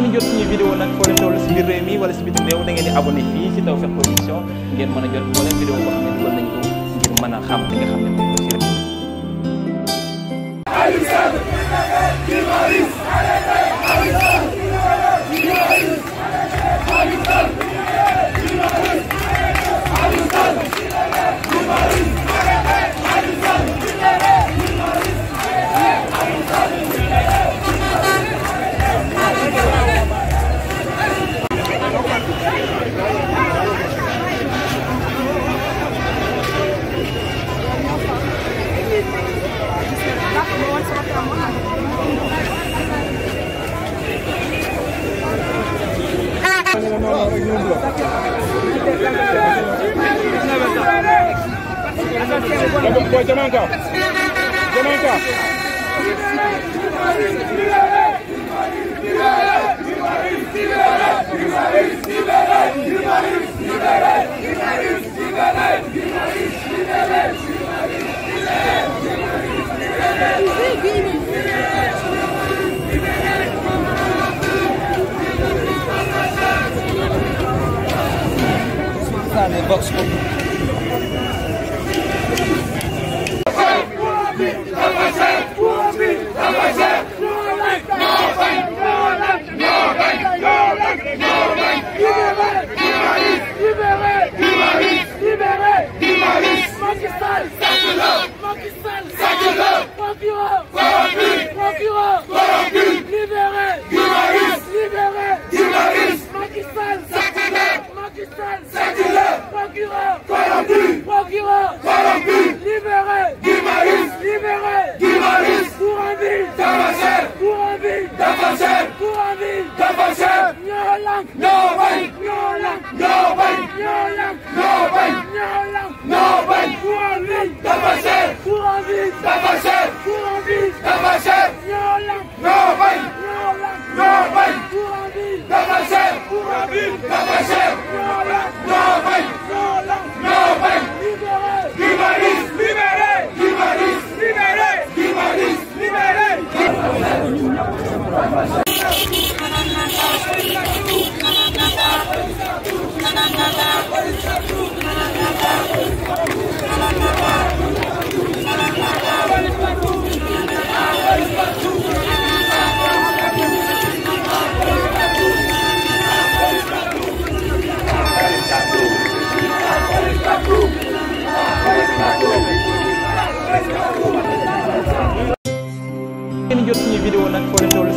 ngeen jot suñu vidéo nag foo leen toll si biir wala si bitim réew da ngeen di abonné fii si Tawfekh Production ngeen mën a jot moo leen vidéo xam ne dugal xam li Jamaica. Jamaica. Vox Populi. Libérez Libérez Libérez Macky Sall Macky Sall procureur